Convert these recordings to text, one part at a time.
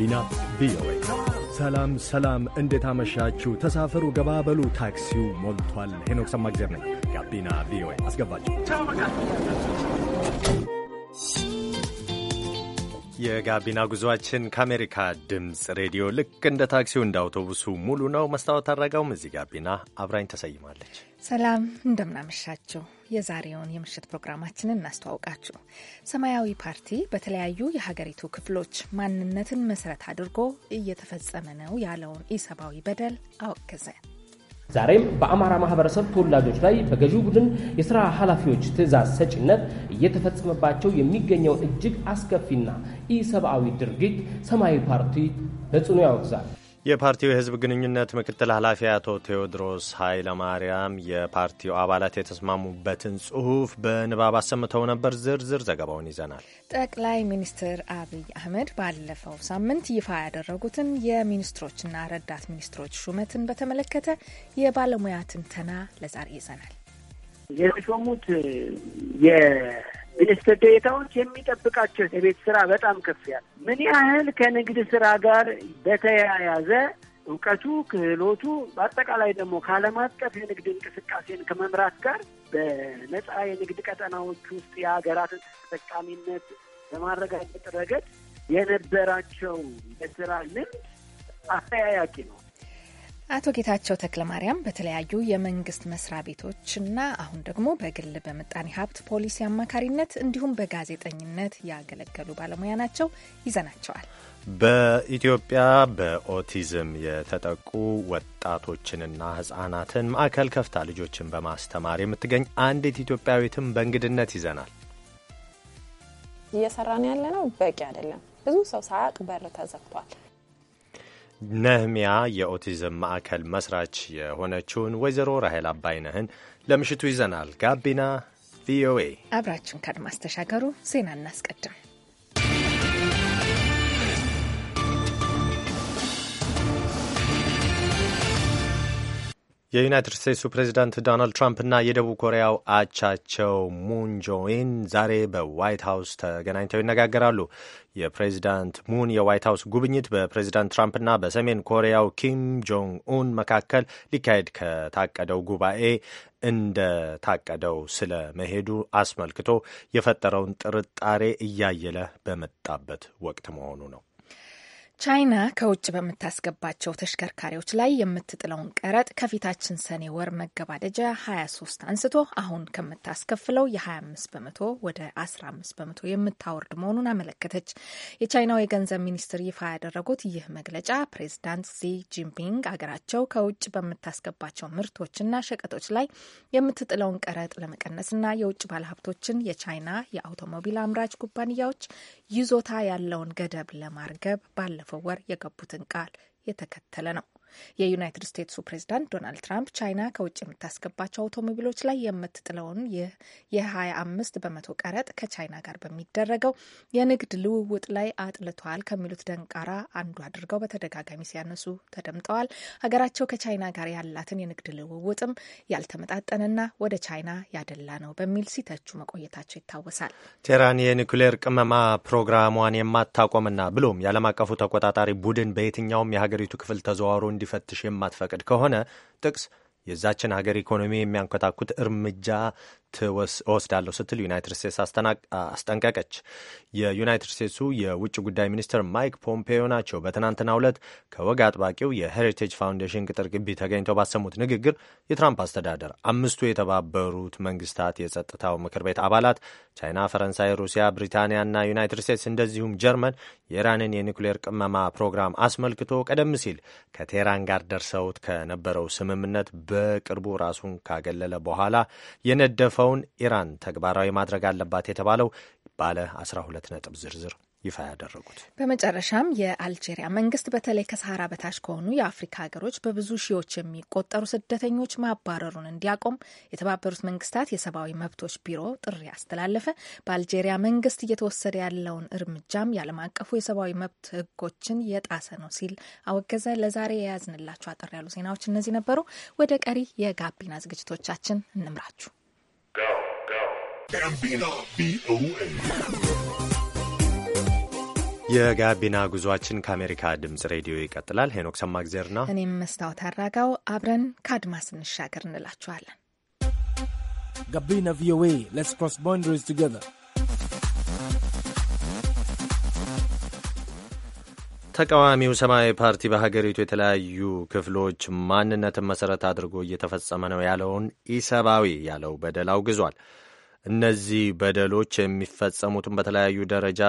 ጋቢና ቪኦኤ። ሰላም ሰላም፣ እንዴት አመሻችሁ? ተሳፈሩ፣ ገባበሉ፣ ታክሲው ሞልቷል። ሄኖክ ሰማግዜር ነኝ። ጋቢና ቪኦኤ አስገባችሁ። የጋቢና ጉዟችን ከአሜሪካ ድምፅ ሬዲዮ ልክ እንደ ታክሲው እንደ አውቶቡሱ ሙሉ ነው። መስታወት አድረጋውም እዚህ ጋቢና አብራኝ ተሰይማለች። ሰላም እንደምናመሻችሁ። የዛሬውን የምሽት ፕሮግራማችንን እናስተዋውቃችሁ። ሰማያዊ ፓርቲ በተለያዩ የሀገሪቱ ክፍሎች ማንነትን መሰረት አድርጎ እየተፈጸመ ነው ያለውን ኢሰብአዊ በደል አወገዘ። ዛሬም በአማራ ማህበረሰብ ተወላጆች ላይ በገዢው ቡድን የስራ ኃላፊዎች ትዕዛዝ ሰጪነት እየተፈጸመባቸው የሚገኘውን እጅግ አስከፊና ኢሰብአዊ ድርጊት ሰማያዊ ፓርቲ በጽኑ ያወግዛል። የፓርቲው የህዝብ ግንኙነት ምክትል ኃላፊ አቶ ቴዎድሮስ ኃይለ ማርያም የፓርቲው አባላት የተስማሙበትን ጽሁፍ በንባብ አሰምተው ነበር። ዝርዝር ዘገባውን ይዘናል። ጠቅላይ ሚኒስትር አብይ አህመድ ባለፈው ሳምንት ይፋ ያደረጉትን የሚኒስትሮችና ረዳት ሚኒስትሮች ሹመትን በተመለከተ የባለሙያ ትንተና ለዛሬ ይዘናል። የተሾሙት ሚኒስትር ዴታዎች የሚጠብቃቸው የቤት ስራ በጣም ከፍ ያለ ምን ያህል ከንግድ ስራ ጋር በተያያዘ እውቀቱ፣ ክህሎቱ በአጠቃላይ ደግሞ ከዓለም አቀፍ የንግድ እንቅስቃሴን ከመምራት ጋር በነፃ የንግድ ቀጠናዎች ውስጥ የሀገራትን ተጠቃሚነት በማረጋገጥ ረገድ የነበራቸው የስራ ልምድ አስተያያቂ ነው። አቶ ጌታቸው ተክለ ማርያም በተለያዩ የመንግስት መስሪያ ቤቶችና አሁን ደግሞ በግል በምጣኔ ሀብት ፖሊሲ አማካሪነት እንዲሁም በጋዜጠኝነት ያገለገሉ ባለሙያ ናቸው። ይዘናቸዋል። በኢትዮጵያ በኦቲዝም የተጠቁ ወጣቶችንና ህጻናትን ማዕከል ከፍታ ልጆችን በማስተማር የምትገኝ አንዲት ኢትዮጵያዊትም በእንግድነት ይዘናል። እየሰራን ያለ ነው በቂ አይደለም። ብዙ ሰው ሳያቅ በር ተዘግቷል። ነህሚያ የኦቲዝም ማዕከል መስራች የሆነችውን ወይዘሮ ራሄል አባይነህን ለምሽቱ ይዘናል። ጋቢና ቪኦኤ አብራችን ከአድማስ ተሻገሩ። ዜና እናስቀድም። የዩናይትድ ስቴትሱ ፕሬዚዳንት ዶናልድ ትራምፕና የደቡብ ኮሪያው አቻቸው ሙን ጆኢን ዛሬ በዋይት ሀውስ ተገናኝተው ይነጋገራሉ። የፕሬዚዳንት ሙን የዋይት ሀውስ ጉብኝት በፕሬዚዳንት ትራምፕና በሰሜን ኮሪያው ኪም ጆንግ ኡን መካከል ሊካሄድ ከታቀደው ጉባኤ እንደታቀደው ስለ መሄዱ አስመልክቶ የፈጠረውን ጥርጣሬ እያየለ በመጣበት ወቅት መሆኑ ነው። ቻይና ከውጭ በምታስገባቸው ተሽከርካሪዎች ላይ የምትጥለውን ቀረጥ ከፊታችን ሰኔ ወር መገባደጃ 23 አንስቶ አሁን ከምታስከፍለው የ25 በመቶ ወደ 15 በመቶ የምታወርድ መሆኑን አመለከተች። የቻይናው የገንዘብ ሚኒስትር ይፋ ያደረጉት ይህ መግለጫ ፕሬዚዳንት ዚ ጂንፒንግ አገራቸው ከውጭ በምታስገባቸው ምርቶችና ሸቀጦች ላይ የምትጥለውን ቀረጥ ለመቀነስና የውጭ ባለሀብቶችን የቻይና የአውቶሞቢል አምራች ኩባንያዎች ይዞታ ያለውን ገደብ ለማርገብ ባለፈው ባለፈው ወር የገቡትን ቃል የተከተለ ነው። የዩናይትድ ስቴትሱ ፕሬዚዳንት ዶናልድ ትራምፕ ቻይና ከውጭ የምታስገባቸው አውቶሞቢሎች ላይ የምትጥለውን የ25 በመቶ ቀረጥ ከቻይና ጋር በሚደረገው የንግድ ልውውጥ ላይ አጥልተዋል ከሚሉት ደንቃራ አንዱ አድርገው በተደጋጋሚ ሲያነሱ ተደምጠዋል። ሀገራቸው ከቻይና ጋር ያላትን የንግድ ልውውጥም ያልተመጣጠነና ወደ ቻይና ያደላ ነው በሚል ሲተቹ መቆየታቸው ይታወሳል። ቴህራን የኒውክሌር ቅመማ ፕሮግራሟን የማታቆምና ብሎም የዓለም አቀፉ ተቆጣጣሪ ቡድን በየትኛውም የሀገሪቱ ክፍል ተዘዋሩ እንዲፈትሽ የማትፈቅድ ከሆነ ጥቅስ የዛችን ሀገር ኢኮኖሚ የሚያንኮታኩት እርምጃ እወስዳለሁ ስትል ዩናይትድ ስቴትስ አስጠንቀቀች። የዩናይትድ ስቴትሱ የውጭ ጉዳይ ሚኒስትር ማይክ ፖምፔዮ ናቸው በትናንትናው ዕለት ከወግ አጥባቂው የሄሪቴጅ ፋውንዴሽን ቅጥር ግቢ ተገኝተው ባሰሙት ንግግር የትራምፕ አስተዳደር አምስቱ የተባበሩት መንግስታት የጸጥታው ምክር ቤት አባላት ቻይና፣ ፈረንሳይ፣ ሩሲያ፣ ብሪታንያና ዩናይትድ ስቴትስ እንደዚሁም ጀርመን የኢራንን የኒውክሌር ቅመማ ፕሮግራም አስመልክቶ ቀደም ሲል ከቴህራን ጋር ደርሰውት ከነበረው ስምምነት በቅርቡ ራሱን ካገለለ በኋላ የነደፈ ያለፈውን ኢራን ተግባራዊ ማድረግ አለባት የተባለው ባለ 12 ነጥብ ዝርዝር ይፋ ያደረጉት። በመጨረሻም የአልጄሪያ መንግስት በተለይ ከሰሃራ በታች ከሆኑ የአፍሪካ ሀገሮች በብዙ ሺዎች የሚቆጠሩ ስደተኞች ማባረሩን እንዲያቆም የተባበሩት መንግስታት የሰብአዊ መብቶች ቢሮ ጥሪ አስተላለፈ። በአልጄሪያ መንግስት እየተወሰደ ያለውን እርምጃም ያለም አቀፉ የሰብአዊ መብት ህጎችን የጣሰ ነው ሲል አወገዘ። ለዛሬ የያዝንላችሁ አጠር ያሉ ዜናዎች እነዚህ ነበሩ። ወደ ቀሪ የጋቢና ዝግጅቶቻችን እንምራችሁ። የጋቢና ጉዟችን ከአሜሪካ ድምጽ ሬዲዮ ይቀጥላል። ሄኖክ ሰማግዜርና እኔም መስታወት አራጋው አብረን ከአድማስ እንሻገር እንላችኋለን። ጋቢና ቪኦኤ ሌትስ ክሮስ ቦንደሪስ ቱጌዘር ተቃዋሚው ሰማያዊ ፓርቲ በሀገሪቱ የተለያዩ ክፍሎች ማንነትን መሰረት አድርጎ እየተፈጸመ ነው ያለውን ኢሰብአዊ ያለው በደል አውግዟል። እነዚህ በደሎች የሚፈጸሙትን በተለያዩ ደረጃ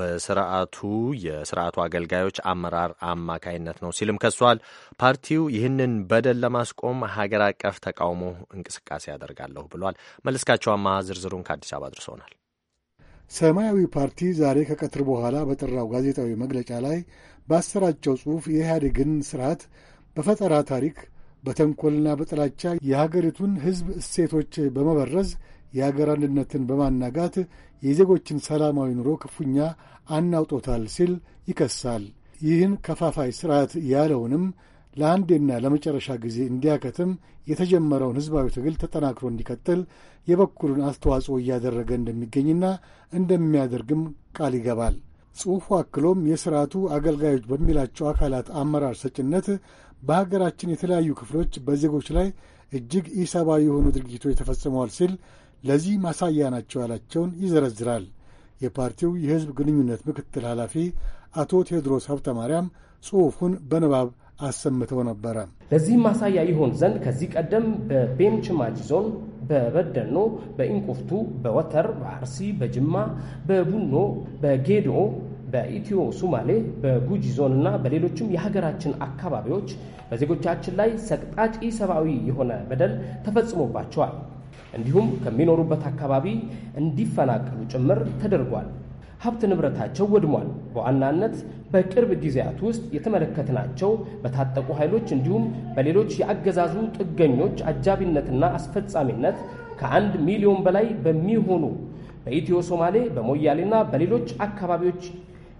በስርዓቱ የስርዓቱ አገልጋዮች አመራር አማካይነት ነው ሲልም ከሷል። ፓርቲው ይህንን በደል ለማስቆም ሀገር አቀፍ ተቃውሞ እንቅስቃሴ ያደርጋለሁ ብሏል። መለስካቸው አማሃ ዝርዝሩን ከአዲስ አበባ አድርሶናል። ሰማያዊ ፓርቲ ዛሬ ከቀትር በኋላ በጠራው ጋዜጣዊ መግለጫ ላይ ባሰራጨው ጽሑፍ የኢህአዴግን ስርዓት በፈጠራ ታሪክ በተንኮልና በጥላቻ የሀገሪቱን ሕዝብ እሴቶች በመበረዝ የአገር አንድነትን በማናጋት የዜጎችን ሰላማዊ ኑሮ ክፉኛ አናውጦታል ሲል ይከሳል። ይህን ከፋፋይ ስርዓት ያለውንም ለአንዴና ለመጨረሻ ጊዜ እንዲያከትም የተጀመረውን ህዝባዊ ትግል ተጠናክሮ እንዲቀጥል የበኩሉን አስተዋጽኦ እያደረገ እንደሚገኝና እንደሚያደርግም ቃል ይገባል። ጽሑፉ አክሎም የሥርዓቱ አገልጋዮች በሚላቸው አካላት አመራር ሰጭነት በሀገራችን የተለያዩ ክፍሎች በዜጎች ላይ እጅግ ኢሰብአዊ የሆኑ ድርጊቶች ተፈጽመዋል ሲል ለዚህ ማሳያ ናቸው ያላቸውን ይዘረዝራል። የፓርቲው የሕዝብ ግንኙነት ምክትል ኃላፊ አቶ ቴዎድሮስ ሀብተ ማርያም ጽሑፉን በንባብ አሰምተው ነበረ። ለዚህም ማሳያ ይሆን ዘንድ ከዚህ ቀደም በቤንች ዞን በበደኖ፣ በኢንቁፍቱ፣ በወተር፣ በአርሲ፣ በጅማ፣ በቡኖ፣ በጌዶ በኢትዮ ሱማሌ በጉጂ ዞን እና በሌሎችም የሀገራችን አካባቢዎች በዜጎቻችን ላይ ሰቅጣጭ ሰብአዊ የሆነ በደል ተፈጽሞባቸዋል። እንዲሁም ከሚኖሩበት አካባቢ እንዲፈናቀሉ ጭምር ተደርጓል። ሀብት ንብረታቸው ወድሟል። በዋናነት በቅርብ ጊዜያት ውስጥ የተመለከትናቸው በታጠቁ ኃይሎች እንዲሁም በሌሎች የአገዛዙ ጥገኞች አጃቢነትና አስፈጻሚነት ከአንድ ሚሊዮን በላይ በሚሆኑ በኢትዮ ሶማሌ በሞያሌና በሌሎች አካባቢዎች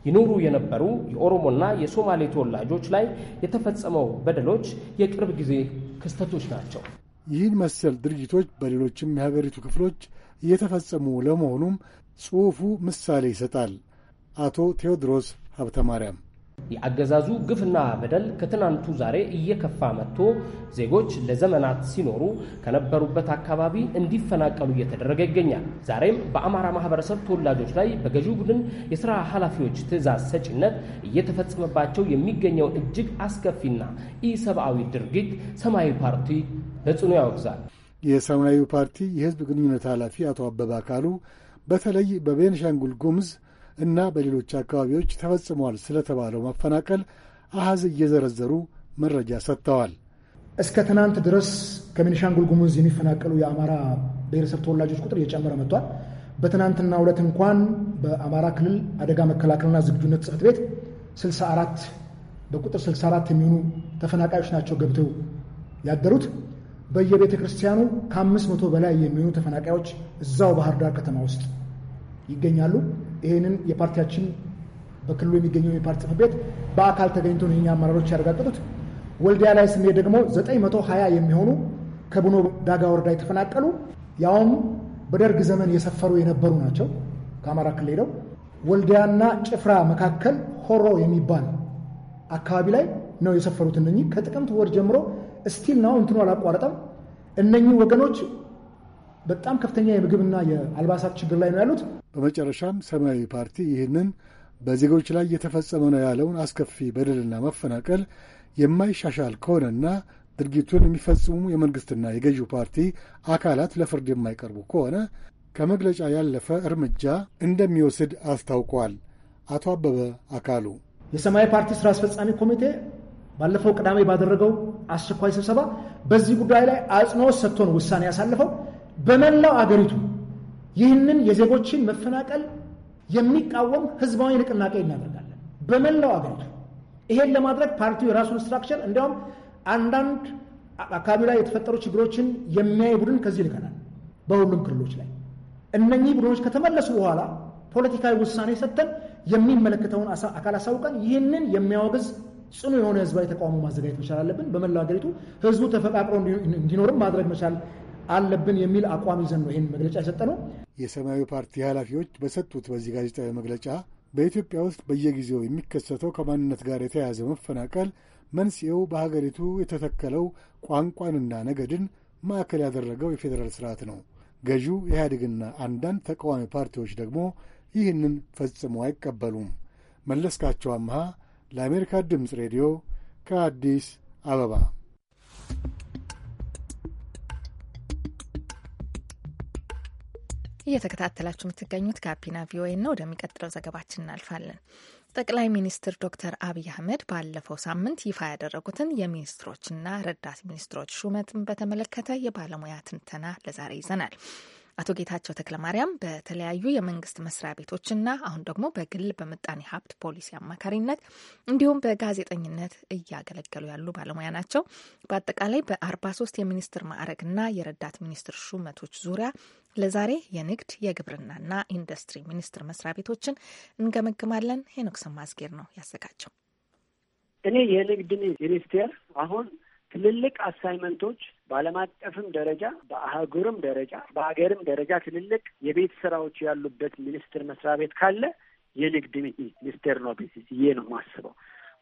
ይኖሩ የነበሩ የኦሮሞና የሶማሌ ተወላጆች ላይ የተፈጸመው በደሎች የቅርብ ጊዜ ክስተቶች ናቸው። ይህን መሰል ድርጊቶች በሌሎችም የሀገሪቱ ክፍሎች እየተፈጸሙ ለመሆኑም ጽሑፉ ምሳሌ ይሰጣል። አቶ ቴዎድሮስ ሀብተ ማርያም የአገዛዙ ግፍና በደል ከትናንቱ ዛሬ እየከፋ መጥቶ ዜጎች ለዘመናት ሲኖሩ ከነበሩበት አካባቢ እንዲፈናቀሉ እየተደረገ ይገኛል። ዛሬም በአማራ ማህበረሰብ ተወላጆች ላይ በገዢው ቡድን የሥራ ኃላፊዎች ትዕዛዝ ሰጪነት እየተፈጸመባቸው የሚገኘውን እጅግ አስከፊና ኢሰብአዊ ድርጊት ሰማያዊ ፓርቲ በጽኑ ያወግዛል። የሰማያዊ ፓርቲ የህዝብ ግንኙነት ኃላፊ አቶ አበባ አካሉ በተለይ በቤንሻንጉል ጉምዝ እና በሌሎች አካባቢዎች ተፈጽሟል ስለተባለው ማፈናቀል አሐዝ እየዘረዘሩ መረጃ ሰጥተዋል። እስከ ትናንት ድረስ ከቤኒሻንጉል ጉሙዝ የሚፈናቀሉ የአማራ ብሔረሰብ ተወላጆች ቁጥር እየጨመረ መጥቷል። በትናንትና ሁለት እንኳን በአማራ ክልል አደጋ መከላከልና ዝግጁነት ጽሕፈት ቤት 64 በቁጥር 64 የሚሆኑ ተፈናቃዮች ናቸው ገብተው ያደሩት። በየቤተ ክርስቲያኑ ከአምስት መቶ በላይ የሚሆኑ ተፈናቃዮች እዛው ባህር ዳር ከተማ ውስጥ ይገኛሉ። ይህንን የፓርቲያችን በክልሉ የሚገኘው የፓርቲ ጽሕፈት ቤት በአካል ተገኝቶ ይህኛ አመራሮች ያረጋገጡት። ወልዲያ ላይ ስሜ ደግሞ 920 የሚሆኑ ከቡኖ ዳጋ ወረዳ የተፈናቀሉ ያውም በደርግ ዘመን የሰፈሩ የነበሩ ናቸው። ከአማራ ክልል ሄደው ወልዲያና ጭፍራ መካከል ሆሮ የሚባል አካባቢ ላይ ነው የሰፈሩት። እነኚህ ከጥቅምት ወር ጀምሮ እስቲል ነው እንትኑ አላቋረጠም። እነኚህ ወገኖች በጣም ከፍተኛ የምግብና የአልባሳት ችግር ላይ ነው ያሉት። በመጨረሻም ሰማያዊ ፓርቲ ይህንን በዜጎች ላይ የተፈጸመ ነው ያለውን አስከፊ በደልና መፈናቀል የማይሻሻል ከሆነና ድርጊቱን የሚፈጽሙ የመንግሥትና የገዢው ፓርቲ አካላት ለፍርድ የማይቀርቡ ከሆነ ከመግለጫ ያለፈ እርምጃ እንደሚወስድ አስታውቋል። አቶ አበበ አካሉ የሰማያዊ ፓርቲ ስራ አስፈጻሚ ኮሚቴ ባለፈው ቅዳሜ ባደረገው አስቸኳይ ስብሰባ በዚህ ጉዳይ ላይ አጽንኦት ሰጥቶን ውሳኔ ያሳለፈው በመላው አገሪቱ ይህንን የዜጎችን መፈናቀል የሚቃወም ህዝባዊ ንቅናቄ እናደርጋለን። በመላው አገሪቱ ይሄን ለማድረግ ፓርቲው የራሱን ስትራክቸር እንዲያውም አንዳንድ አካባቢ ላይ የተፈጠሩ ችግሮችን የሚያይ ቡድን ከዚህ ልከናል። በሁሉም ክልሎች ላይ እነኚህ ቡድኖች ከተመለሱ በኋላ ፖለቲካዊ ውሳኔ ሰጥተን የሚመለከተውን አካል አሳውቀን ይህንን የሚያወግዝ ጽኑ የሆነ ህዝባዊ ተቃውሞ ማዘጋጀት መቻል አለብን። በመላው ሀገሪቱ ህዝቡ ተፈቃቅሮ እንዲኖርም ማድረግ መቻል አለብን የሚል አቋም ይዘን ነው ይህን መግለጫ የሰጠነው። የሰማያዊ ፓርቲ ኃላፊዎች በሰጡት በዚህ ጋዜጣዊ መግለጫ በኢትዮጵያ ውስጥ በየጊዜው የሚከሰተው ከማንነት ጋር የተያያዘ መፈናቀል መንስኤው በሀገሪቱ የተተከለው ቋንቋንና ነገድን ማዕከል ያደረገው የፌዴራል ስርዓት ነው። ገዢው ኢህአዴግና አንዳንድ ተቃዋሚ ፓርቲዎች ደግሞ ይህንን ፈጽሞ አይቀበሉም። መለስካቸው አምሃ ለአሜሪካ ድምፅ ሬዲዮ ከአዲስ አበባ እየተከታተላችሁ የምትገኙት ጋቢና ቪኦኤ ነው። ወደሚቀጥለው ዘገባችን እናልፋለን። ጠቅላይ ሚኒስትር ዶክተር አብይ አህመድ ባለፈው ሳምንት ይፋ ያደረጉትን የሚኒስትሮችና ረዳት ሚኒስትሮች ሹመትን በተመለከተ የባለሙያ ትንተና ለዛሬ ይዘናል። አቶ ጌታቸው ተክለ ማርያም በተለያዩ የመንግስት መስሪያ ቤቶችና አሁን ደግሞ በግል በምጣኔ ሀብት ፖሊሲ አማካሪነት እንዲሁም በጋዜጠኝነት እያገለገሉ ያሉ ባለሙያ ናቸው። በአጠቃላይ በ43 የሚኒስትር ማዕረግና የረዳት ሚኒስትር ሹመቶች ዙሪያ ለዛሬ የንግድ የግብርናና ኢንዱስትሪ ሚኒስቴር መስሪያ ቤቶችን እንገመግማለን። ሄኖክ ሰማዝጌር ነው ያዘጋጀው። እኔ የንግድ ሚኒስቴር አሁን ትልልቅ አሳይመንቶች በዓለም አቀፍም ደረጃ በአህጉርም ደረጃ በሀገርም ደረጃ ትልልቅ የቤት ስራዎች ያሉበት ሚኒስቴር መስሪያ ቤት ካለ የንግድ ሚኒስቴር ነው ብዬ ነው የማስበው።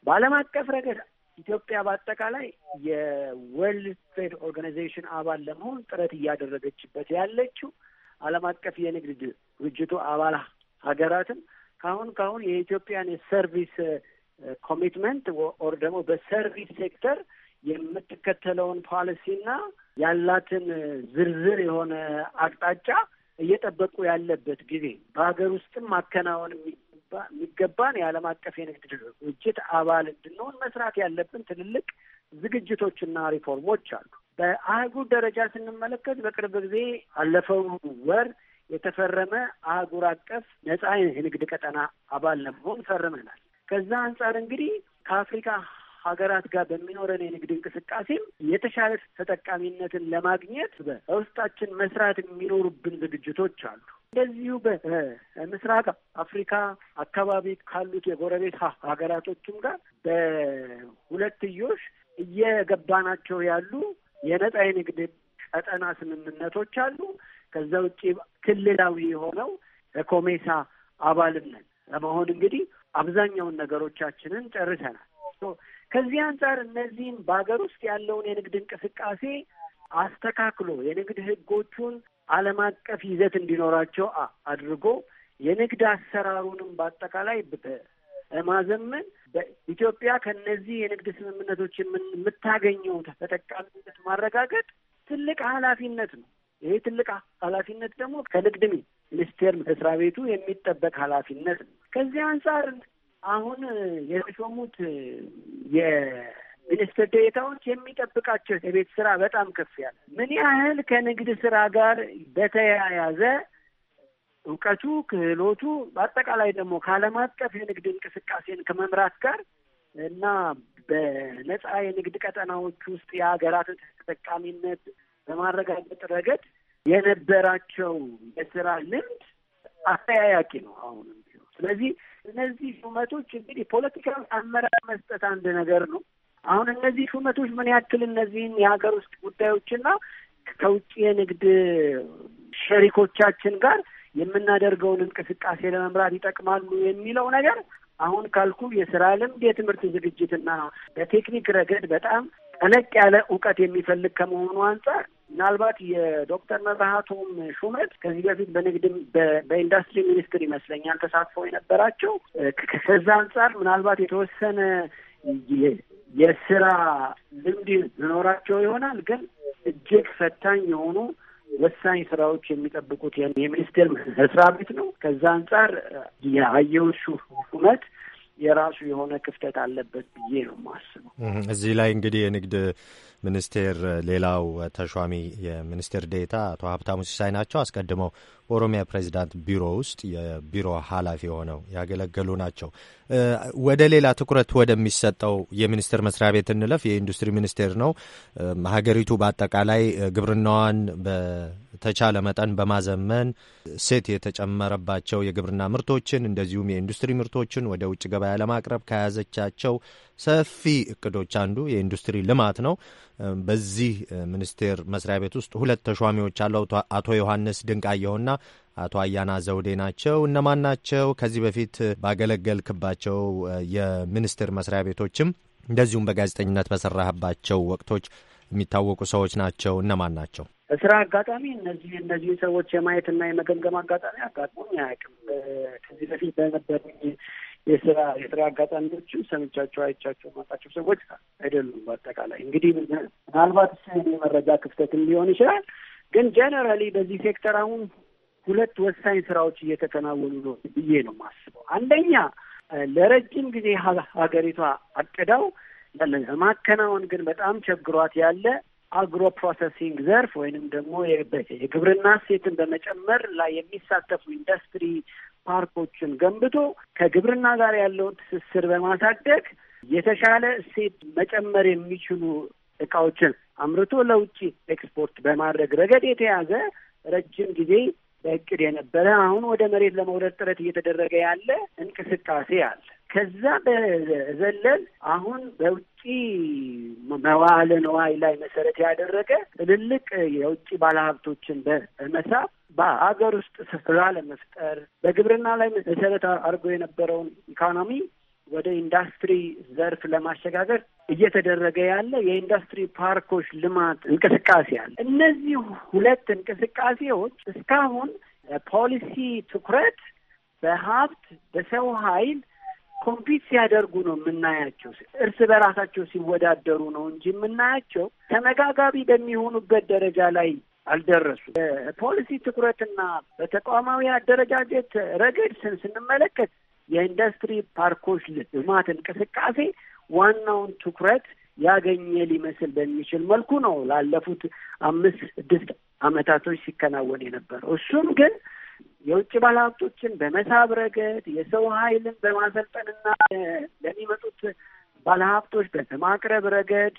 በዓለም አቀፍ ረገድ ኢትዮጵያ በአጠቃላይ የወርልድ ትሬድ ኦርጋናይዜሽን አባል ለመሆን ጥረት እያደረገችበት ያለችው ዓለም አቀፍ የንግድ ድርጅቱ አባል ሀገራትም ካሁን ካሁን የኢትዮጵያን የሰርቪስ ኮሚትመንት ኦር ደግሞ በሰርቪስ ሴክተር የምትከተለውን ፖሊሲና ያላትን ዝርዝር የሆነ አቅጣጫ እየጠበቁ ያለበት ጊዜ በሀገር ውስጥም ማከናወን የሚገባን የዓለም አቀፍ የንግድ ድርጅት አባል እንድንሆን መስራት ያለብን ትልልቅ ዝግጅቶችና ሪፎርሞች አሉ። በአህጉር ደረጃ ስንመለከት በቅርብ ጊዜ አለፈው ወር የተፈረመ አህጉር አቀፍ ነጻ የንግድ ቀጠና አባል ለመሆን ፈርመናል። ከዛ አንጻር እንግዲህ ከአፍሪካ ሀገራት ጋር በሚኖረን የንግድ እንቅስቃሴም የተሻለ ተጠቃሚነትን ለማግኘት በውስጣችን መስራት የሚኖሩብን ዝግጅቶች አሉ። እንደዚሁ በምስራቅ አፍሪካ አካባቢ ካሉት የጎረቤት ሀገራቶችም ጋር በሁለትዮሽ እየገባናቸው ያሉ የነጻ የንግድ ቀጠና ስምምነቶች አሉ። ከዛ ውጭ ክልላዊ የሆነው ኮሜሳ አባልነት ለመሆን እንግዲህ አብዛኛውን ነገሮቻችንን ጨርሰናል። ከዚህ አንጻር እነዚህም በሀገር ውስጥ ያለውን የንግድ እንቅስቃሴ አስተካክሎ የንግድ ህጎቹን ዓለም አቀፍ ይዘት እንዲኖራቸው አድርጎ የንግድ አሰራሩንም በአጠቃላይ በማዘመን በኢትዮጵያ ከነዚህ የንግድ ስምምነቶች የምታገኘው ተጠቃሚነት ማረጋገጥ ትልቅ ኃላፊነት ነው። ይሄ ትልቅ ኃላፊነት ደግሞ ከንግድ ሚኒስቴር መስሪያ ቤቱ የሚጠበቅ ኃላፊነት ነው። ከዚህ አንጻር አሁን የተሾሙት የሚኒስትር ዴኤታዎች የሚጠብቃቸው የቤት ስራ በጣም ከፍ ያለ ምን ያህል ከንግድ ስራ ጋር በተያያዘ እውቀቱ፣ ክህሎቱ በአጠቃላይ ደግሞ ከዓለም አቀፍ የንግድ እንቅስቃሴን ከመምራት ጋር እና በነጻ የንግድ ቀጠናዎች ውስጥ የሀገራትን ተጠቃሚነት በማረጋገጥ ረገድ የነበራቸው የስራ ልምድ አስተያያቂ ነው አሁንም ቢሆን ስለዚህ እነዚህ ሹመቶች እንግዲህ ፖለቲካዊ አመራር መስጠት አንድ ነገር ነው። አሁን እነዚህ ሹመቶች ምን ያክል እነዚህን የሀገር ውስጥ ጉዳዮችና ከውጭ የንግድ ሸሪኮቻችን ጋር የምናደርገውን እንቅስቃሴ ለመምራት ይጠቅማሉ የሚለው ነገር አሁን ካልኩ የስራ ልምድ፣ የትምህርት ዝግጅትና በቴክኒክ ረገድ በጣም ጠለቅ ያለ እውቀት የሚፈልግ ከመሆኑ አንጻር ምናልባት የዶክተር መብራቱም ሹመት ከዚህ በፊት በንግድም በኢንዱስትሪ ሚኒስትር ይመስለኛል ተሳትፎ የነበራቸው ከዛ አንጻር ምናልባት የተወሰነ የስራ ልምድ ሊኖራቸው ይሆናል። ግን እጅግ ፈታኝ የሆኑ ወሳኝ ስራዎች የሚጠብቁት የሚኒስቴር መስሪያ ቤት ነው። ከዛ አንጻር የአየሁት ሹመት የራሱ የሆነ ክፍተት አለበት ብዬ ነው የማስበው። እዚህ ላይ እንግዲህ የንግድ ሚኒስቴር ሌላው ተሿሚ የሚኒስቴር ዴታ አቶ ሀብታሙ ሲሳይ ናቸው። አስቀድመው በኦሮሚያ ፕሬዚዳንት ቢሮ ውስጥ የቢሮ ኃላፊ ሆነው ያገለገሉ ናቸው። ወደ ሌላ ትኩረት ወደሚሰጠው የሚኒስቴር መስሪያ ቤት እንለፍ። የኢንዱስትሪ ሚኒስቴር ነው። ሀገሪቱ በአጠቃላይ ግብርናዋን በተቻለ መጠን በማዘመን ሴት የተጨመረባቸው የግብርና ምርቶችን እንደዚሁም የኢንዱስትሪ ምርቶችን ወደ ውጭ ገበያ ለማቅረብ ከያዘቻቸው ሰፊ እቅዶች አንዱ የኢንዱስትሪ ልማት ነው። በዚህ ሚኒስቴር መስሪያ ቤት ውስጥ ሁለት ተሿሚዎች አለው አቶ ዮሐንስ ድንቃየሁና አቶ አያና ዘውዴ ናቸው። እነማን ናቸው? ከዚህ በፊት ባገለገልክባቸው የሚኒስቴር መስሪያ ቤቶችም እንደዚሁም በጋዜጠኝነት በሰራህባቸው ወቅቶች የሚታወቁ ሰዎች ናቸው። እነማን ናቸው? ስራ አጋጣሚ እነዚህ እነዚህ ሰዎች የማየት እና የመገምገም አጋጣሚ አጋጥሞኝ አያውቅም። ከዚህ በፊት በነበሩኝ የስራ የስራ አጋጣሚዎች ሰምቻቸው አይቻቸው ማጣቸው ሰዎች አይደሉም። በአጠቃላይ እንግዲህ ምናልባት የመረጃ ክፍተትም ሊሆን ይችላል። ግን ጀነራሊ በዚህ ሴክተር አሁን ሁለት ወሳኝ ስራዎች እየተከናወኑ ነው ብዬ ነው የማስበው። አንደኛ ለረጅም ጊዜ ሀገሪቷ አቅዳው ለማከናወን ግን በጣም ቸግሯት ያለ አግሮ ፕሮሰሲንግ ዘርፍ ወይንም ደግሞ የግብርና እሴትን በመጨመር ላይ የሚሳተፉ ኢንዱስትሪ ፓርኮችን ገንብቶ ከግብርና ጋር ያለውን ትስስር በማሳደግ የተሻለ እሴት መጨመር የሚችሉ እቃዎችን አምርቶ ለውጭ ኤክስፖርት በማድረግ ረገድ የተያዘ ረጅም ጊዜ በእቅድ የነበረ አሁን ወደ መሬት ለመውረድ ጥረት እየተደረገ ያለ እንቅስቃሴ አለ። ከዛ በዘለል አሁን በውጭ መዋዕለ ነዋይ ላይ መሰረት ያደረገ ትልልቅ የውጭ ባለሀብቶችን በመሳብ በሀገር ውስጥ ስራ ለመፍጠር በግብርና ላይ መሰረት አድርጎ የነበረውን ኢኮኖሚ ወደ ኢንዱስትሪ ዘርፍ ለማሸጋገር እየተደረገ ያለ የኢንዱስትሪ ፓርኮች ልማት እንቅስቃሴ አለ። እነዚህ ሁለት እንቅስቃሴዎች እስካሁን ፖሊሲ ትኩረት በሀብት በሰው ኃይል ኮምፒት ሲያደርጉ ነው የምናያቸው። እርስ በራሳቸው ሲወዳደሩ ነው እንጂ የምናያቸው ተመጋጋቢ በሚሆኑበት ደረጃ ላይ አልደረሱ። በፖሊሲ ትኩረትና በተቋማዊ አደረጃጀት ረገድ ስን ስንመለከት የኢንዱስትሪ ፓርኮች ልማት እንቅስቃሴ ዋናውን ትኩረት ያገኘ ሊመስል በሚችል መልኩ ነው ላለፉት አምስት ስድስት ዓመታቶች ሲከናወን የነበረው እሱም ግን የውጭ ባለሀብቶችን በመሳብ ረገድ የሰው ኃይልን በማሰልጠንና ለሚመጡት ባለሀብቶች በማቅረብ ረገድ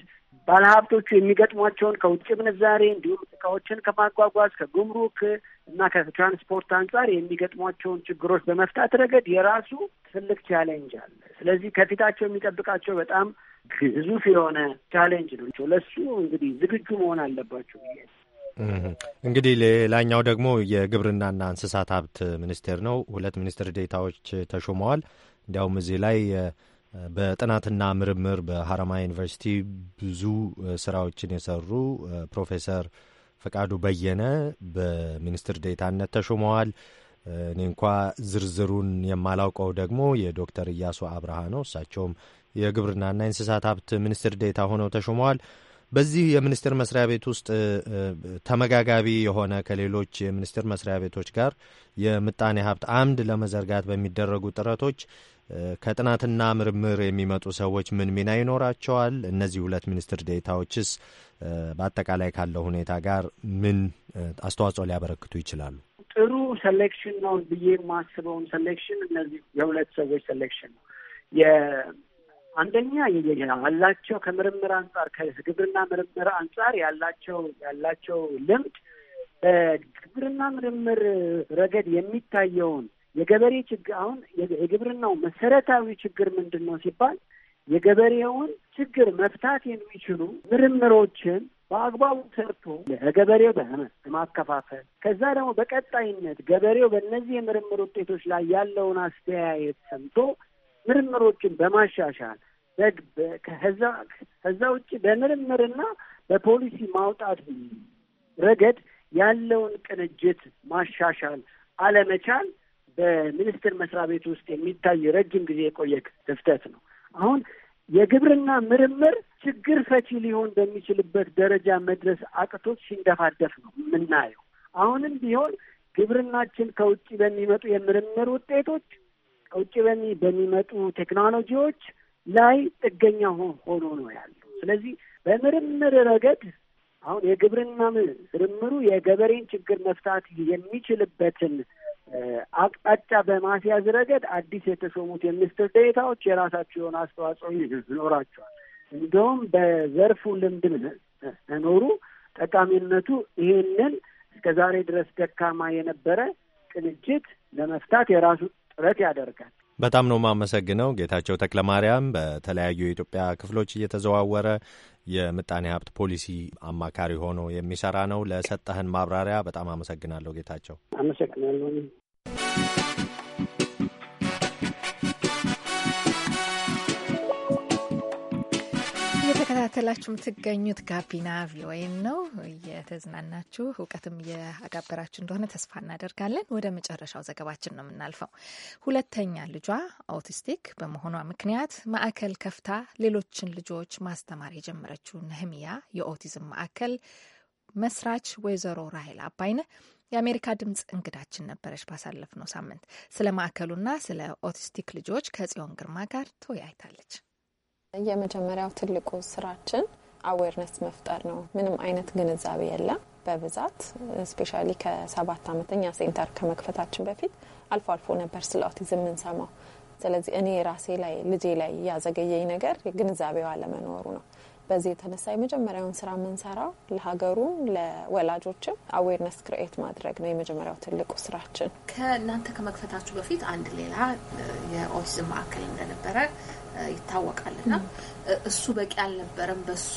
ባለሀብቶቹ የሚገጥሟቸውን ከውጭ ምንዛሬ እንዲሁም እቃዎችን ከማጓጓዝ ከጉምሩክ እና ከትራንስፖርት አንጻር የሚገጥሟቸውን ችግሮች በመፍታት ረገድ የራሱ ትልቅ ቻሌንጅ አለ። ስለዚህ ከፊታቸው የሚጠብቃቸው በጣም ግዙፍ የሆነ ቻሌንጅ ነው። ለሱ እንግዲህ ዝግጁ መሆን አለባቸው። እንግዲህ ሌላኛው ደግሞ የግብርናና እንስሳት ሀብት ሚኒስቴር ነው። ሁለት ሚኒስትር ዴታዎች ተሾመዋል። እንዲያውም እዚህ ላይ በጥናትና ምርምር በሀረማያ ዩኒቨርሲቲ ብዙ ስራዎችን የሰሩ ፕሮፌሰር ፈቃዱ በየነ በሚኒስትር ዴታነት ተሾመዋል። እኔ እንኳ ዝርዝሩን የማላውቀው ደግሞ የዶክተር እያሱ አብርሃ ነው። እሳቸውም የግብርናና የእንስሳት ሀብት ሚኒስትር ዴታ ሆነው ተሾመዋል። በዚህ የሚኒስቴር መስሪያ ቤት ውስጥ ተመጋጋቢ የሆነ ከሌሎች የሚኒስቴር መስሪያ ቤቶች ጋር የምጣኔ ሀብት አምድ ለመዘርጋት በሚደረጉ ጥረቶች ከጥናትና ምርምር የሚመጡ ሰዎች ምን ሚና ይኖራቸዋል? እነዚህ ሁለት ሚኒስትር ዴታዎችስ በአጠቃላይ ካለው ሁኔታ ጋር ምን አስተዋጽኦ ሊያበረክቱ ይችላሉ? ጥሩ ሴሌክሽን ነው ብዬ የማስበውን ሴሌክሽን እነዚህ የሁለት ሰዎች ሴሌክሽን ነው አንደኛ ያላቸው ከምርምር አንጻር ከግብርና ምርምር አንጻር ያላቸው ያላቸው ልምድ በግብርና ምርምር ረገድ የሚታየውን የገበሬ ችግር አሁን የግብርናው መሰረታዊ ችግር ምንድን ነው ሲባል የገበሬውን ችግር መፍታት የሚችሉ ምርምሮችን በአግባቡ ሰርቶ ለገበሬው በማከፋፈል ከዛ ደግሞ በቀጣይነት ገበሬው በእነዚህ የምርምር ውጤቶች ላይ ያለውን አስተያየት ሰምቶ ምርምሮችን በማሻሻል ከዛ ውጭ በምርምርና በፖሊሲ ማውጣት ረገድ ያለውን ቅንጅት ማሻሻል አለመቻል በሚኒስቴር መስሪያ ቤት ውስጥ የሚታይ ረጅም ጊዜ የቆየ ክፍተት ነው። አሁን የግብርና ምርምር ችግር ፈቺ ሊሆን በሚችልበት ደረጃ መድረስ አቅቶት ሲንደፋደፍ ነው የምናየው። አሁንም ቢሆን ግብርናችን ከውጭ በሚመጡ የምርምር ውጤቶች ከውጭ በሚ በሚመጡ ቴክኖሎጂዎች ላይ ጥገኛ ሆኖ ነው ያሉ። ስለዚህ በምርምር ረገድ አሁን የግብርና ምርምሩ የገበሬን ችግር መፍታት የሚችልበትን አቅጣጫ በማስያዝ ረገድ አዲስ የተሾሙት የሚኒስትር ዴታዎች የራሳቸው የሆነ አስተዋጽኦ ይኖራቸዋል። እንደውም በዘርፉ ልምድ መኖሩ ጠቃሚነቱ ይሄንን እስከ ዛሬ ድረስ ደካማ የነበረ ቅንጅት ለመፍታት የራሱ ጥረት ያደርጋል። በጣም ነው የማመሰግነው ጌታቸው ተክለ ማርያም በተለያዩ የኢትዮጵያ ክፍሎች እየተዘዋወረ የምጣኔ ሀብት ፖሊሲ አማካሪ ሆኖ የሚሰራ ነው። ለሰጠህን ማብራሪያ በጣም አመሰግናለሁ ጌታቸው። አመሰግናለሁ። እየተከታተላችሁ የምትገኙት ጋቢና ቪኦኤን ነው። እየተዝናናችሁ እውቀትም እያዳበራችሁ እንደሆነ ተስፋ እናደርጋለን። ወደ መጨረሻው ዘገባችን ነው የምናልፈው። ሁለተኛ ልጇ አውቲስቲክ በመሆኗ ምክንያት ማዕከል ከፍታ ሌሎችን ልጆች ማስተማር የጀመረችው ነህምያ የኦቲዝም ማዕከል መስራች ወይዘሮ ራሄል አባይነ የአሜሪካ ድምፅ እንግዳችን ነበረች። ባሳለፍነው ሳምንት ስለ ማዕከሉና ስለ ኦቲስቲክ ልጆች ከጽዮን ግርማ ጋር ተወያይታለች። የመጀመሪያው ትልቁ ስራችን አዌርነስ መፍጠር ነው። ምንም አይነት ግንዛቤ የለም። በብዛት ስፔሻሊ ከሰባት አመተኛ ሴንተር ከመክፈታችን በፊት አልፎ አልፎ ነበር ስለ ኦቲዝም የምንሰማው። ስለዚህ እኔ ራሴ ላይ ልጄ ላይ ያዘገየኝ ነገር ግንዛቤው አለመኖሩ ነው። በዚህ የተነሳ የመጀመሪያውን ስራ የምንሰራው ለሀገሩም ለወላጆችም አዌርነስ ክርኤት ማድረግ ነው የመጀመሪያው ትልቁ ስራችን። ከእናንተ ከመክፈታችሁ በፊት አንድ ሌላ የኦቲዝም ማዕከል እንደነበረ ይታወቃል። እና እሱ በቂ አልነበረም። በሱ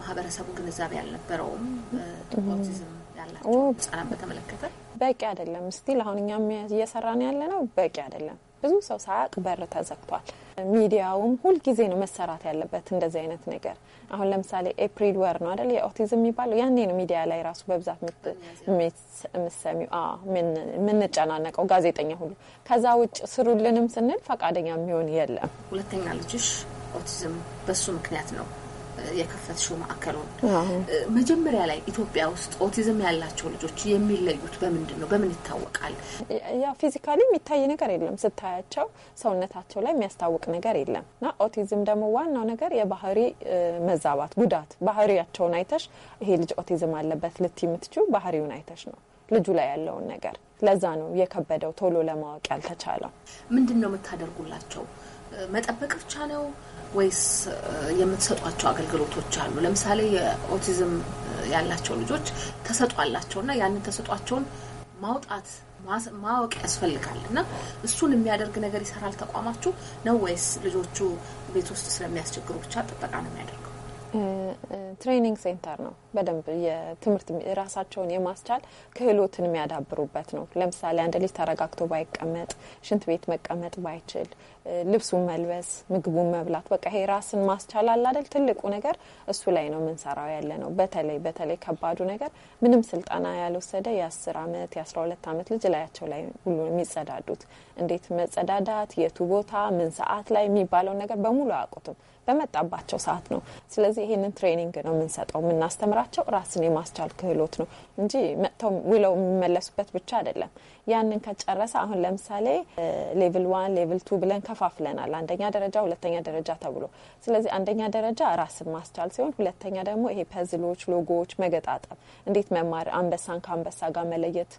ማህበረሰቡ ግንዛቤ አልነበረውም። ኦቲዝም ያላቸው ህጻናት በተመለከተ በቂ አይደለም። ስቲል አሁን እኛም እየሰራን ያለ ነው በቂ አይደለም። ብዙ ሰው ሳያውቅ በር ተዘግቷል። ሚዲያውም ሁልጊዜ ነው መሰራት ያለበት እንደዚህ አይነት ነገር። አሁን ለምሳሌ ኤፕሪል ወር ነው አይደል የኦቲዝም የሚባለው ያኔ ነው ሚዲያ ላይ ራሱ በብዛት የምትሰሚው የምንጨናነቀው ጋዜጠኛ ሁሉ። ከዛ ውጭ ስሩልንም ስንል ፈቃደኛ የሚሆን የለም። ሁለተኛ ልጅሽ ኦቲዝም በሱ ምክንያት ነው የከፈትሽው ማዕከሉን መጀመሪያ ላይ ኢትዮጵያ ውስጥ ኦቲዝም ያላቸው ልጆች የሚለዩት በምንድን ነው? በምን ይታወቃል? ያው ፊዚካሊ የሚታይ ነገር የለም። ስታያቸው ሰውነታቸው ላይ የሚያስታውቅ ነገር የለም እና ኦቲዝም ደግሞ ዋናው ነገር የባህሪ መዛባት ጉዳት፣ ባህሪያቸውን አይተሽ ይሄ ልጅ ኦቲዝም አለበት ልት የምትችው ባህሪውን አይተሽ ነው ልጁ ላይ ያለውን ነገር። ለዛ ነው የከበደው ቶሎ ለማወቅ ያልተቻለው። ምንድን ነው የምታደርጉላቸው? መጠበቅ ብቻ ነው ወይስ የምትሰጧቸው አገልግሎቶች አሉ? ለምሳሌ የኦቲዝም ያላቸው ልጆች ተሰጧላቸው እና ያንን ተሰጧቸውን ማውጣት ማወቅ ያስፈልጋል እና እሱን የሚያደርግ ነገር ይሰራል ተቋማችሁ ነው ወይስ ልጆቹ ቤት ውስጥ ስለሚያስቸግሩ ብቻ ጥበቃ ነው የሚያደርጉ? ትሬኒንግ ሴንተር ነው። በደንብ የትምህርት ራሳቸውን የማስቻል ክህሎትን የሚያዳብሩበት ነው። ለምሳሌ አንድ ልጅ ተረጋግቶ ባይቀመጥ፣ ሽንት ቤት መቀመጥ ባይችል፣ ልብሱን መልበስ፣ ምግቡን መብላት፣ በቃ ይሄ ራስን ማስቻል አለ አይደል? ትልቁ ነገር እሱ ላይ ነው የምንሰራው ያለ ነው። በተለይ በተለይ ከባዱ ነገር ምንም ስልጠና ያልወሰደ የአስር አመት የአስራ ሁለት አመት ልጅ ላያቸው ላይ ሁሉ የሚጸዳዱት እንዴት መጸዳዳት፣ የቱ ቦታ ምን ሰዓት ላይ የሚባለውን ነገር በሙሉ አያውቁትም። በመጣባቸው ሰዓት ነው። ስለዚህ ይህንን ትሬኒንግ ነው የምንሰጠው። የምናስተምራቸው ራስን የማስቻል ክህሎት ነው እንጂ መጥተው ውለው የሚመለሱበት ብቻ አይደለም። ያንን ከጨረሰ አሁን ለምሳሌ ሌቭል ዋን ሌቭል ቱ ብለን ከፋፍለናል። አንደኛ ደረጃ፣ ሁለተኛ ደረጃ ተብሎ ስለዚህ አንደኛ ደረጃ ራስን ማስቻል ሲሆን ሁለተኛ ደግሞ ይሄ ፐዝሎች፣ ሎጎዎች መገጣጠም፣ እንዴት መማር አንበሳን ከአንበሳ ጋር መለየት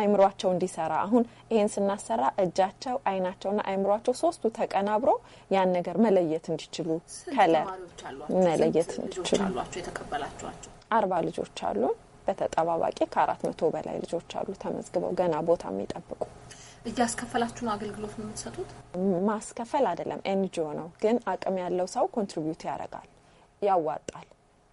አይምሯቸው እንዲሰራ አሁን ይህን ስናሰራ እጃቸው፣ አይናቸውና አይምሯቸው ሶስቱ ተቀናብሮ ያን ነገር መለየት እንዲችሉ ከለር መለየት እንዲችሉ አርባ ልጆች አሉ። በተጠባባቂ ከአራት መቶ በላይ ልጆች አሉ ተመዝግበው ገና ቦታ የሚጠብቁ እያስከፈላችሁ ነው አገልግሎት ነው የምትሰጡት? ማስከፈል አይደለም፣ ኤንጂኦ ነው። ግን አቅም ያለው ሰው ኮንትሪቢዩት ያደርጋል፣ ያዋጣል።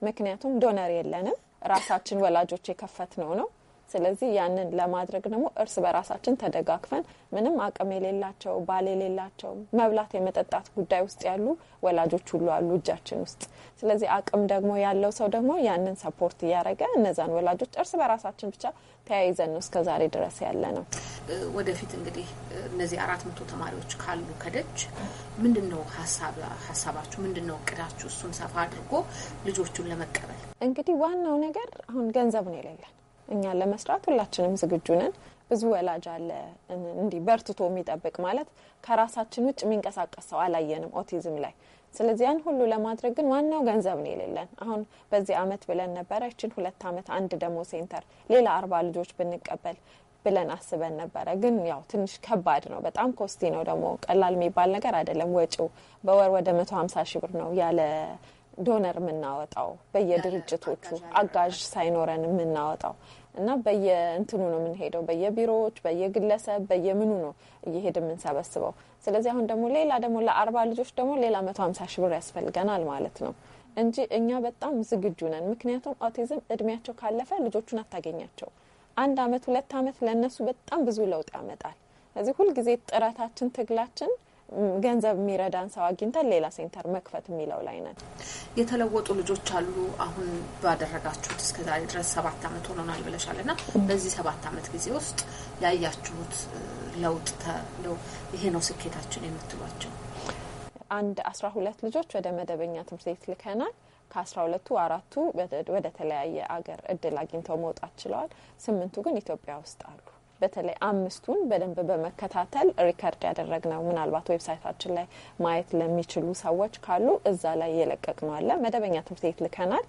ምክንያቱም ዶነር የለንም ራሳችን ወላጆች የከፈት ነው ነው ስለዚህ ያንን ለማድረግ ደግሞ እርስ በራሳችን ተደጋግፈን ምንም አቅም የሌላቸው ባል የሌላቸው መብላት የመጠጣት ጉዳይ ውስጥ ያሉ ወላጆች ሁሉ አሉ እጃችን ውስጥ። ስለዚህ አቅም ደግሞ ያለው ሰው ደግሞ ያንን ሰፖርት እያደረገ እነዛን ወላጆች እርስ በራሳችን ብቻ ተያይዘን ነው እስከ ዛሬ ድረስ ያለ ነው። ወደፊት እንግዲህ እነዚህ አራት መቶ ተማሪዎች ካሉ ከደች ምንድን ነው ሀሳባችሁ? ምንድን ነው እቅዳችሁ? እሱን ሰፋ አድርጎ ልጆቹን ለመቀበል እንግዲህ ዋናው ነገር አሁን ገንዘብ ነው የሌለን እኛን ለመስራት ሁላችንም ዝግጁ ነን። ብዙ ወላጅ አለ እንዲህ በርትቶ የሚጠብቅ ማለት ከራሳችን ውጭ የሚንቀሳቀስ ሰው አላየንም ኦቲዝም ላይ። ስለዚህ ያን ሁሉ ለማድረግ ግን ዋናው ገንዘብ ነው የሌለን። አሁን በዚህ አመት ብለን ነበረ ይችን ሁለት አመት አንድ ደግሞ ሴንተር ሌላ አርባ ልጆች ብንቀበል ብለን አስበን ነበረ። ግን ያው ትንሽ ከባድ ነው፣ በጣም ኮስቲ ነው ደግሞ ቀላል የሚባል ነገር አይደለም። ወጪው በወር ወደ መቶ ሀምሳ ሺ ብር ነው ያለ ዶነር የምናወጣው በየድርጅቶቹ አጋዥ ሳይኖረን የምናወጣው እና በየእንትኑ ነው የምንሄደው፣ በየቢሮዎች፣ በየግለሰብ፣ በየምኑ ነው እየሄድ የምንሰበስበው። ስለዚህ አሁን ደግሞ ሌላ ደግሞ ለአርባ ልጆች ደግሞ ሌላ መቶ ሀምሳ ሺ ብር ያስፈልገናል ማለት ነው እንጂ እኛ በጣም ዝግጁ ነን። ምክንያቱም ኦቲዝም እድሜያቸው ካለፈ ልጆቹን አታገኛቸው። አንድ አመት ሁለት አመት ለእነሱ በጣም ብዙ ለውጥ ያመጣል። ስለዚህ ሁልጊዜ ጥረታችን ትግላችን ገንዘብ የሚረዳን ሰው አግኝተን ሌላ ሴንተር መክፈት የሚለው ላይ ነን። የተለወጡ ልጆች አሉ። አሁን ባደረጋችሁት እስከዛሬ ድረስ ሰባት ዓመት ሆኖናል ብለሻል እና በዚህ ሰባት ዓመት ጊዜ ውስጥ ያያችሁት ለውጥ ይሄ ነው ስኬታችን የምትሏቸው? አንድ አስራ ሁለት ልጆች ወደ መደበኛ ትምህርት ቤት ልከናል። ከአስራ ሁለቱ አራቱ ወደ ተለያየ አገር እድል አግኝተው መውጣት ችለዋል። ስምንቱ ግን ኢትዮጵያ ውስጥ አሉ። በተለይ አምስቱን በደንብ በመከታተል ሪከርድ ያደረግ ነው ምናልባት ዌብሳይታችን ላይ ማየት ለሚችሉ ሰዎች ካሉ እዛ ላይ ነው አለ። መደበኛ ትምህርት ቤት ልከናል።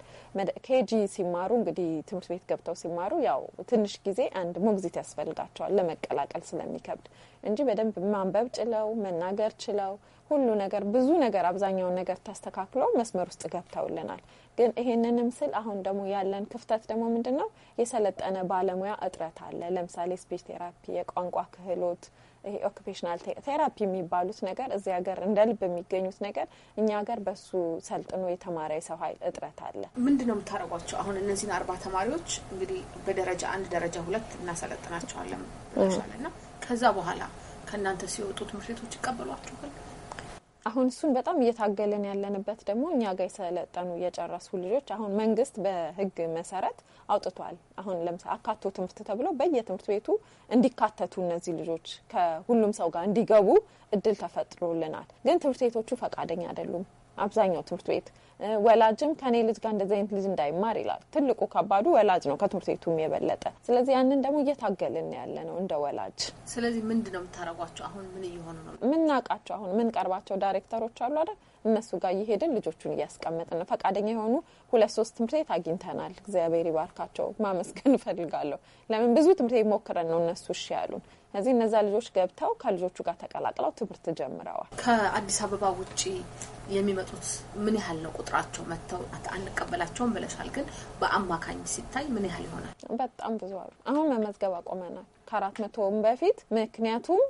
ኬጂ ሲማሩ እንግዲህ ትምህርት ቤት ገብተው ሲማሩ ያው ትንሽ ጊዜ አንድ ሞግዚት ያስፈልጋቸዋል ለመቀላቀል ስለሚከብድ እንጂ በደንብ ማንበብ ችለው መናገር ችለው ሁሉ ነገር ብዙ ነገር አብዛኛውን ነገር ተስተካክሎ መስመር ውስጥ ገብተውልናል። ግን ይሄንንም ስል አሁን ደግሞ ያለን ክፍተት ደግሞ ምንድን ነው? የሰለጠነ ባለሙያ እጥረት አለ። ለምሳሌ ስፔች ቴራፒ፣ የቋንቋ ክህሎት ይሄ ኦኩፔሽናል ቴራፒ የሚባሉት ነገር እዚህ ሀገር እንደ ልብ የሚገኙት ነገር እኛ ሀገር በሱ ሰልጥኖ የተማረ የሰው ኃይል እጥረት አለ። ምንድን ነው የምታደርጓቸው? አሁን እነዚህን አርባ ተማሪዎች እንግዲህ በደረጃ አንድ ደረጃ ሁለት እናሰለጥናቸዋለን ና ከዛ በኋላ ከእናንተ ሲወጡ ትምህርት ቤቶች ይቀበሏችኋል? አሁን እሱን በጣም እየታገልን ያለንበት ደግሞ እኛ ጋር የሰለጠኑ የጨረሱ ልጆች አሁን መንግስት በህግ መሰረት አውጥቷል። አሁን ለምሳሌ አካቶ ትምህርት ተብሎ በየትምህርት ቤቱ እንዲካተቱ እነዚህ ልጆች ከሁሉም ሰው ጋር እንዲገቡ እድል ተፈጥሮልናል። ግን ትምህርት ቤቶቹ ፈቃደኛ አይደሉም። አብዛኛው ትምህርት ቤት ወላጅም ከኔ ልጅ ጋር እንደዚህ አይነት ልጅ እንዳይማር ይላል። ትልቁ ከባዱ ወላጅ ነው ከትምህርት ቤቱም የበለጠ። ስለዚህ ያንን ደግሞ እየታገልን ያለ ነው እንደ ወላጅ። ስለዚህ ምንድን ነው የምታረጓቸው? አሁን ምን እየሆኑ ነው? ምናውቃቸው አሁን ምንቀርባቸው ዳይሬክተሮች አሉ አይደል? እነሱ ጋር እየሄድን ልጆቹን እያስቀመጥን ነው። ፈቃደኛ የሆኑ ሁለት ሶስት ትምህርት ቤት አግኝተናል። እግዚአብሔር ይባርካቸው፣ ማመስገን እፈልጋለሁ። ለምን ብዙ ትምህርት ቤት ሞክረን ነው እነሱ እሺ ያሉን። ስለዚህ እነዛ ልጆች ገብተው ከልጆቹ ጋር ተቀላቅለው ትምህርት ጀምረዋል። ከአዲስ አበባ ውጭ የሚመጡት ምን ያህል ነው ቁጥራቸው? መጥተው አንቀበላቸውም ብለሻል፣ ግን በአማካኝ ሲታይ ምን ያህል ይሆናል? በጣም ብዙ አሉ። አሁን መመዝገብ አቆመናል ከአራት መቶም በፊት ምክንያቱም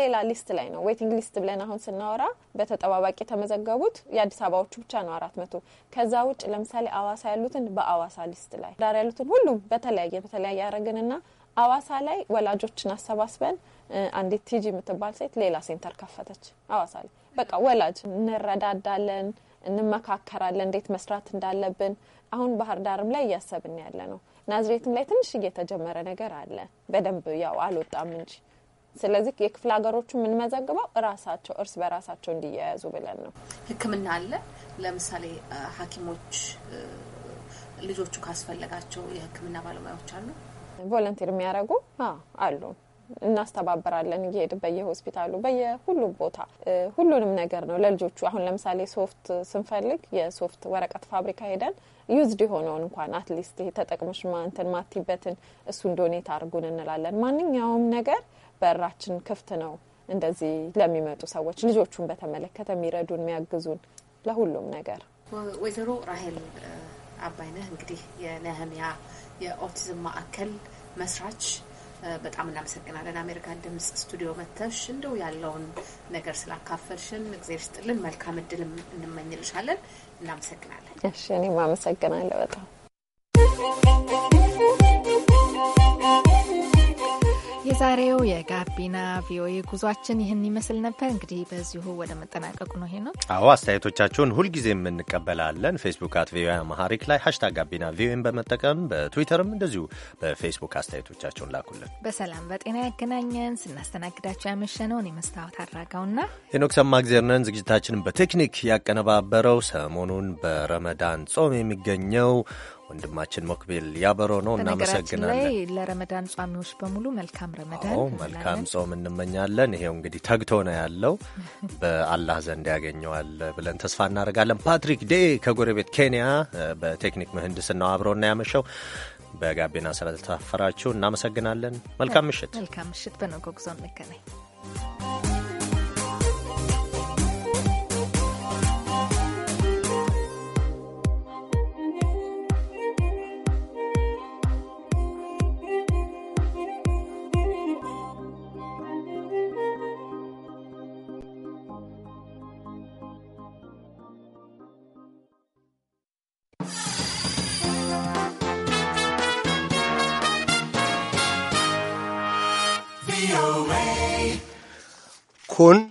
ሌላ ሊስት ላይ ነው ዌቲንግ ሊስት ብለን አሁን ስናወራ በተጠባባቂ የተመዘገቡት የአዲስ አበባዎቹ ብቻ ነው አራት መቶ ከዛ ውጭ ለምሳሌ አዋሳ ያሉትን በአዋሳ ሊስት ላይ ዳር ያሉትን ሁሉም በተለያየ በተለያየ አረግንና አዋሳ ላይ ወላጆችን አሰባስበን አንዲት ቲጂ የምትባል ሴት ሌላ ሴንተር ከፈተች አዋሳ ላይ። በቃ ወላጅ እንረዳዳለን፣ እንመካከራለን እንዴት መስራት እንዳለብን። አሁን ባህር ዳርም ላይ እያሰብን ያለ ነው። ናዝሬትም ላይ ትንሽ እየተጀመረ ነገር አለ። በደንብ ያው አልወጣም እንጂ ስለዚህ የክፍለ ሀገሮቹ የምንመዘግበው እራሳቸው እርስ በራሳቸው እንዲያያዙ ብለን ነው። ሕክምና አለ። ለምሳሌ ሐኪሞች ልጆቹ ካስፈለጋቸው የሕክምና ባለሙያዎች አሉ። ቮለንቲር የሚያደርጉ አሉ። እናስተባብራለን። እየሄድ በየሆስፒታሉ በየሁሉ ቦታ ሁሉንም ነገር ነው ለልጆቹ። አሁን ለምሳሌ ሶፍት ስንፈልግ የሶፍት ወረቀት ፋብሪካ ሄደን ዩዝድ የሆነውን እንኳን አትሊስት ተጠቅመሽ ማንትን ማቲበትን እሱን ዶኔት አድርጉን እንላለን። ማንኛውም ነገር በራችን ክፍት ነው። እንደዚህ ለሚመጡ ሰዎች ልጆቹን በተመለከተ የሚረዱን የሚያግዙን ለሁሉም ነገር ወይዘሮ ራሄል አባይነህ እንግዲህ የነህሚያ የኦቲዝም ማዕከል መስራች በጣም እናመሰግናለን። አሜሪካ ድምጽ ስቱዲዮ መተሽ እንደው ያለውን ነገር ስላካፈልሽን እግዜር ስጥልን። መልካም እድልም እንመኝልሻለን። እናመሰግናለን። እሺ እኔም አመሰግናለሁ በጣም የዛሬው የጋቢና ቪኦኤ ጉዟችን ይህን ይመስል ነበር። እንግዲህ በዚሁ ወደ መጠናቀቁ ነው። ይሄ ነው። አዎ አስተያየቶቻችሁን ሁልጊዜ እንቀበላለን። ፌስቡክ አት ቪኦኤ አማሃሪክ ላይ ሀሽታግ ጋቢና ቪኦኤን በመጠቀም በትዊተርም እንደዚሁ በፌስቡክ አስተያየቶቻችሁን ላኩልን። በሰላም በጤና ያገናኘን። ስናስተናግዳቸው ያመሸነውን የመስታወት መስታወት አድራጋውና ሄኖክ ሰማእግዜር ነን። ዝግጅታችንን በቴክኒክ ያቀነባበረው ሰሞኑን በረመዳን ጾም የሚገኘው ወንድማችን ሞክቤል ያበሮ ነው። እናመሰግናለን። ለረመዳን ጿሚዎች በሙሉ መልካም ረመዳን መልካም ጾም እንመኛለን። ይሄው እንግዲህ ተግቶ ነው ያለው በአላህ ዘንድ ያገኘዋል ብለን ተስፋ እናደርጋለን። ፓትሪክ ዴ ከጎረቤት ኬንያ በቴክኒክ ምህንድስናው አብሮ እና ያመሸው በጋቢና ስለተሳፈራችሁ እናመሰግናለን። መልካም ምሽት። መልካም ምሽት። በነገው ጉዞ እንገናኝ። kun